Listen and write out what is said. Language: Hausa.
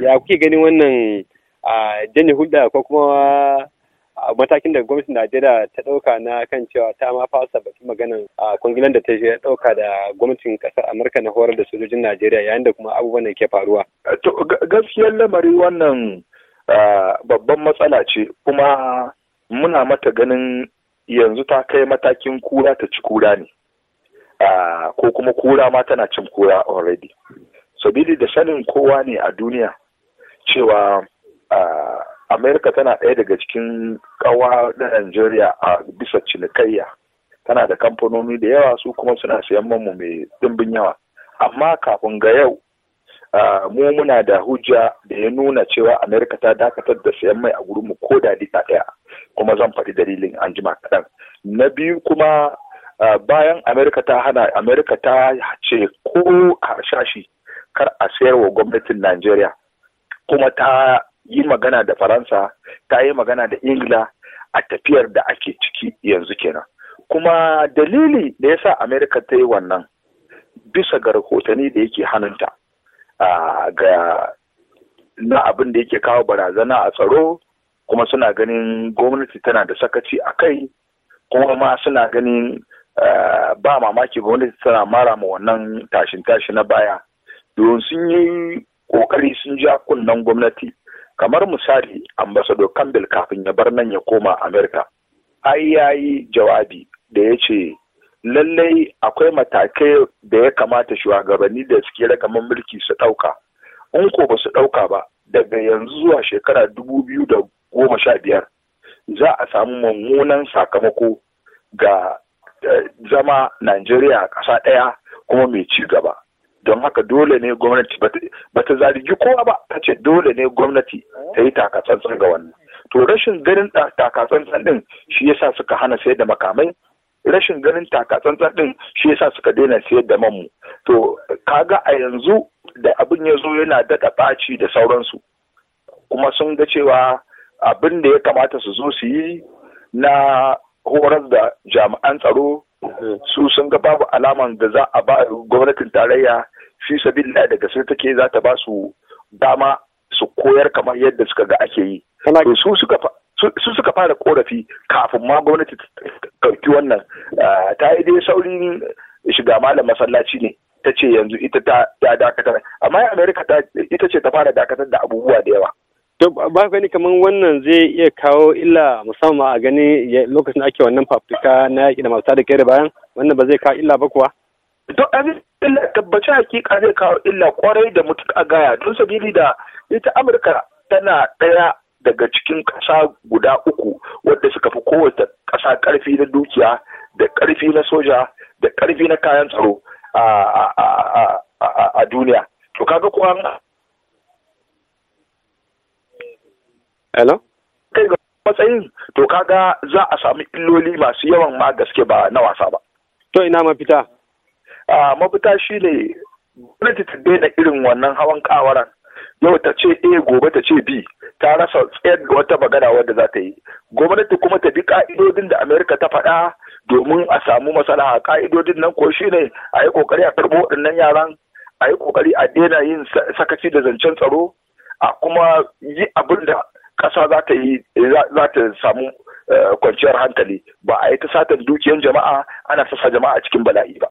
ya kuke ganin wannan janye hulɗa ko kuma matakin da gwamnatin Najeriya ta ɗauka na kan cewa ta ma fasa magana maganan kungilan da ta ɗauka da gwamnatin ƙasar Amurka na horar da sojojin Najeriya yayin da kuma abubuwan da ke faruwa. Eh, to gaskiyar lamari wannan babban matsala ce kuma muna mata ganin yanzu ta kai matakin kura ta ci kura ne. ko kuma kura ma tana cin kura already. Sabili da sanin kowa ne a duniya cewa amerika tana ɗaya daga cikin kawa na najeriya a bisa cinikayya tana da kamfanoni da yawa su kuma suna siyan mamu mai ɗimbin yawa amma kafin ga yau mu muna da hujja da ya nuna cewa amerika ta dakatar da siyan mai a gurinmu ko da dita ɗaya kuma zan faɗi dalilin an jima kaɗan na biyu kuma bayan amerika ta hana amerika ta ce ko shashi kar a sayar wa gwamnatin najeriya kuma ta yi magana da faransa ta yi magana da ingila a tafiyar da ake ciki yanzu kenan kuma dalili da ya sa amerika ta yi wannan bisa ga rahotanni da yake hannunta ga na abin da yake kawo barazana a tsaro kuma suna ganin gwamnati tana da sakaci a kai kuma ma suna ganin ba mamaki gwamnati tana mara ma wannan tashin tashi na baya domin sun yi kokari sun ja kunnen gwamnati kamar misali ambasado campbell kafin ya bar nan ya koma Amerika. ai ya yi jawabi da ya ce lallai akwai matakai da ya kamata shugabanni da suke da kamar mulki su ɗauka in ko ba su ɗauka ba daga yanzu zuwa shekara dubu biyu da goma sha biyar za a samu mummunan sakamako ga eh, zama najeriya a ƙasa ɗaya kuma mai ci gaba don haka dole ne gwamnati ba ta zargi kowa ba ta ce dole ne gwamnati ta yi takatsantsan ga wannan to rashin ganin takatsantsan din shi yasa suka hana sayar da makamai rashin ganin takatsantsan din shi yasa suka daina sayar da manmu to kaga a yanzu da abin ya zo yana daga ɓaci da sauransu kuma sun ga cewa abin da ya kamata su zo su yi na horar da jami'an tsaro mm-hmm. su sun ga babu alaman da za a ba gwamnatin tarayya fi sabilla daga sun take za ta ba su dama su koyar kamar yadda suka ga ake yi su suka fara korafi kafin ma gwamnati ta ɗauki wannan ah, ta yi dai saurin shiga malam masallaci ne ta ce yanzu ita ta dakatar amma amerika ita ce ta fara dakatar da abubuwa da yawa to ba gani kamar wannan zai iya kawo illa musamman a gani lokacin ake wannan fafutuka na yaƙi da masu kai da bayan wannan ba zai kawo illa ba kuwa don abin illa tabbaci hakika zai kawo illa kwarai da mutuka gaya don sabili da ita amurka tana ɗaya daga cikin ƙasa guda uku wadda suka fi kowace ƙasa ƙarfi na dukiya da ƙarfi na soja da ƙarfi na kayan tsaro a duniya to kaga kuma hello kai ga matsayin to kaga za a sami illoli masu yawan ma gaske ba na wasa ba to ina mafita mafita shi ne gwamnati ta daina irin wannan hawan kawaran yau ta ce a gobe ta ce b ta rasa tsayar da wata magana wadda za ta yi gwamnati kuma ta bi ka'idodin da amerika ta faɗa domin a samu a ka'idodin nan ko ne a yi kokari a karɓo waɗannan yaran a yi kokari a daina yin sakaci da zancen tsaro a kuma yi abin da ƙasa za ta yi za ta samu eh, kwanciyar hankali ba a yi ta satan dukiyar jama'a ana sassa jama'a cikin bala'i ba